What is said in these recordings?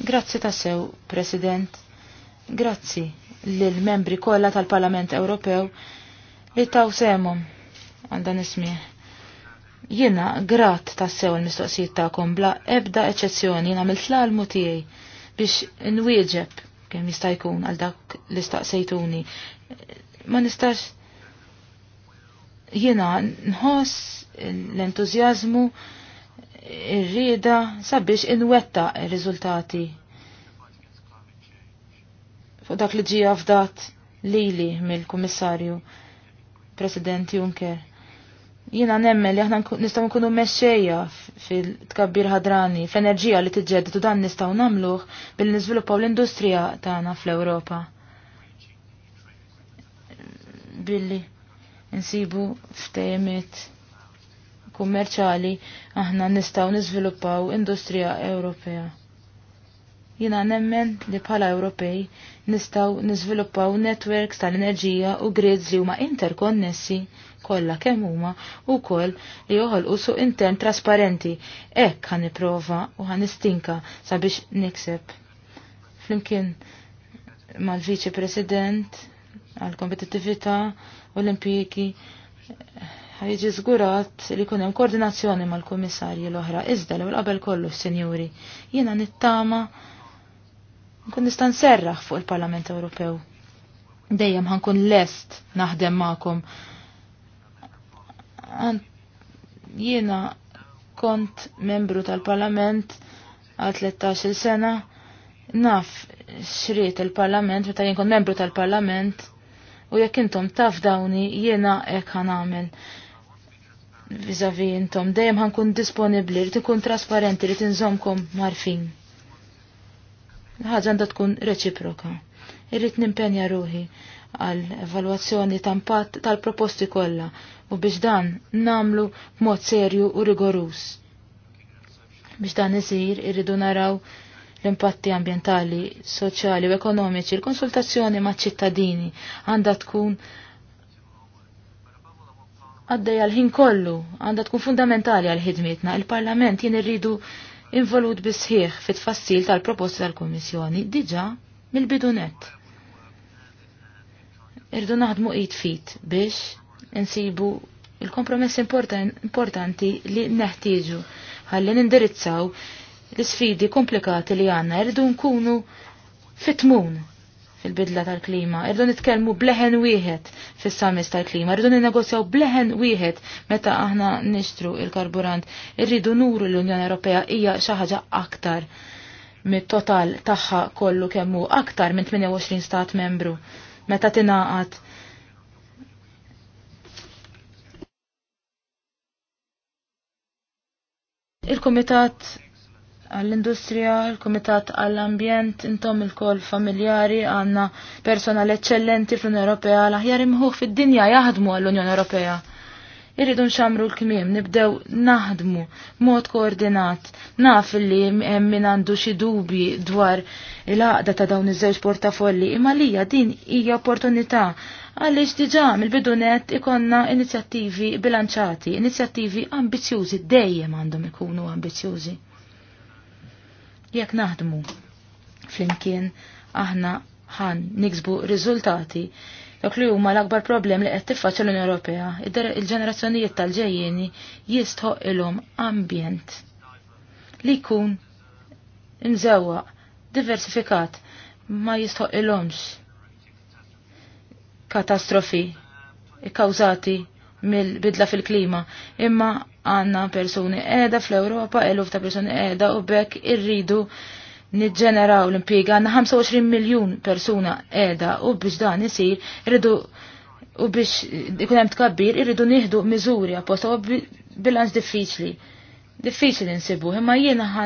Grazzi tassew, President. Grazzi lill-membri kollha tal-Parlament Ewropew li taw semhom għandan dan Jiena grat tassew l mistoqsijiet tagħkom bla ebda eċċezzjoni jien mill almu tiegħi biex nwieġeb kemm jista' jkun għal dak li staqsejtuni. Ma nistax jiena nħoss l-entużjażmu irrida sabiex inwetta il riżultati Fuq dak li ġie fdat lili mill-Kummissarju President Juncker. Jiena nemmen li aħna nistgħu nkunu mexxejja fil-tkabbir ħadrani, fl-enerġija li tiġġedded dan nistgħu nagħmluh billi niżviluppaw l-industrija tagħna fl-Ewropa. Billi insibu ftejmet kummerċali aħna nistgħu niżviluppaw industrija Ewropea. Jina nemmen li bħala Ewropej nistgħu niżviluppaw netwerks tal-enerġija u grids li huma interkonnessi kollha kemm huma u koll li joħolqu suq intern trasparenti. Hekk ħan nipprova u ħan nistinka sabiex nikseb. Flimkien mal-Viċi President għal kompetittività Olimpijki ħajġi żgurat li jkun hemm koordinazzjoni mal-kummissarji l-oħra iżda l qabel kollu senjuri jiena nittama nkun nista' nserraħ fuq il-Parlament Ewropew. Dejjem ħankun lest naħdem magħkom. Jiena kont membru tal-Parlament għal 13-il sena naf xriet il-Parlament meta jien kont membru tal-Parlament u jekk intom taf dawni jiena hekk ħanamel vizavi intom dejjem ħankun disponibli li tkun trasparenti li tinżomkom marfin. Ħaġa għandha tkun reċiproka. Irrid nimpenja ruħi għal evalwazzjoni tampat tal-proposti kollha u biex dan namlu b'mod serju u rigorus. Biex dan isir irridu naraw l-impatti ambientali, soċjali u ekonomiċi, l-konsultazzjoni ma' ċittadini għandha tkun għaddej għal ħin kollu, għandha tkun fundamentali għal ħidmitna. Il-Parlament jien irridu involut bisħieħ fit tfassil tal-proposti tal-Kummissjoni diġa mill-bidunet. Irdu naħdmu id fit biex insibu il-kompromess importanti li neħtieġu ħalli nindirizzaw l-sfidi komplikati li għanna irdu nkunu fitmun fil-bidla tal-klima. Irdu nitkellmu bleħen wieħed fis-samis tal-klima. Irdu ninnegozjaw bleħen wieħed meta aħna nixtru il-karburant. Irridu nuru l-Unjoni Ewropea hija xi ħaġa aktar mit-total tagħha kollu kemmu aktar minn 28 stat membru. Meta tingħaqad il-Kumitat għall-industrija, l komitat għall-Ambjent, intom il-kol familjari għanna personal eccellenti fl-Unjoni Ewropea, l-aħjar imħuħ fid-dinja jaħdmu għall-Unjoni Ewropea. Irridu nxamru l-kmiem, nibdew naħdmu, mod koordinat, naf li min għandu xi dubi dwar il-għaqda ta' dawn iż-żewġ portafolli, imma lija din hija opportunità għaliex diġà mill-bidunet ikonna inizjattivi bilanċati, inizjattivi ambizjużi dejjem għandhom ikunu ambizjużi. Jekk naħdmu flimkien aħna ħan niksbu riżultati dak li huma l-akbar problem li qed tiffaċċa l-Unjoni Ewropea, il-ġenerazzjonijiet tal-ġejjieni jistħoq ilhom ambjent li jkun imżewwa, diversifikat, ma jistħoq ilhomx katastrofi kkawżati mill-bidla fil-klima. Imma għanna persuni edha fl-Europa, eluf ta' persuni edha u bekk irridu nġeneraw l-impiega għanna 25 miljon persuna edha u biex dan jisir irridu u biex ikun hemm tkabbir irridu nieħdu miżuri apposta u bilanċ diffiċli. Diffiċli nsibu, imma jiena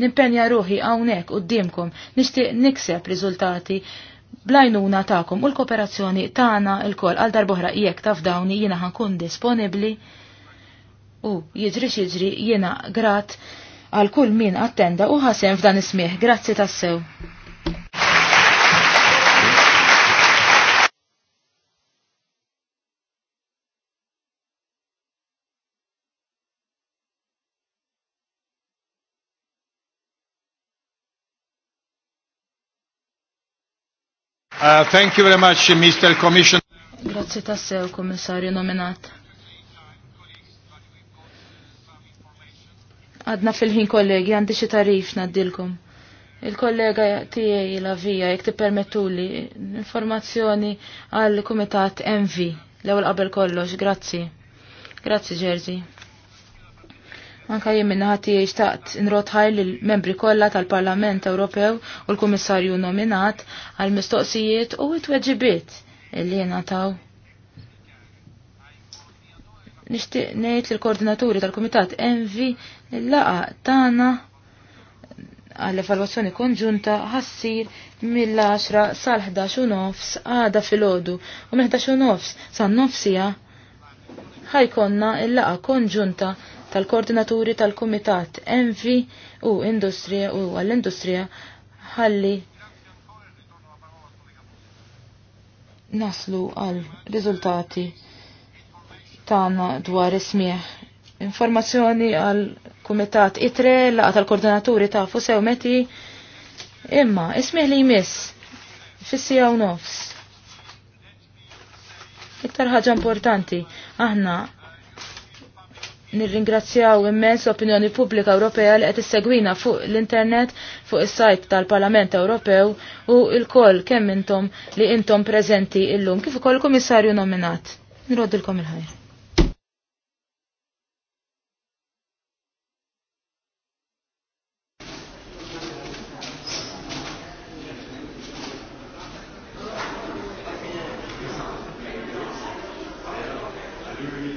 nimpenja ruħi hawnhekk quddiemkom nixtieq nikseb riżultati blajnuna ta'kom u l-kooperazzjoni ta'na il-kol għal darbohra jek ta' f'dawni jina ħankun disponibli u jiġri xidri jina grat għal kull min attenda u ħasem f'dan ismiħ. Grazzi tas-sew. Uh, thank you very much, Mr. Commissioner. Grazie tassew, kommissarju nominat. Għadna fil-ħin kollegi, għandi xi tarif naddilkom. Il-kollega tiegħi la vija jekk tippermettuli informazzjoni għall kumitat MV l-ewwel qabel kollox, grazzi. Grazzi Jersey. Anka jien minna ħati xtaqt nrotħaj l-membri kollha tal-Parlament Ewropew u l-Kummissarju nominat għal mistoqsijiet u t-weġibiet li taw. Nixtieq ngħid l koordinaturi tal-Kumitat Envi laqa tagħna għall evalwazzjoni konġunta ħassir mill-10 sal-11 nofs għada fil-ħodu u mill-11 nofs sa' nofsija ħajkonna il-laqa konġunta tal-koordinaturi tal-Kumitat Envi u Industrija u għall-Industrija ħalli naslu għal riżultati tagħna dwar ismieħ. Informazzjoni għal kumitat itre laqa tal-koordinaturi ta' fusew meti imma ismieħ li jmiss fissija u nofs. Iktar ħaġa importanti aħna Nirringrazzjaw immens l opinjoni pubblika Ewropea li qed issegwina fuq l-internet fuq is-sajt tal-Parlament Ewropew u l-koll kemm intom li intom preżenti illum kif ukoll il-Kummissarju nominat. Nroddilkom il-ħajr.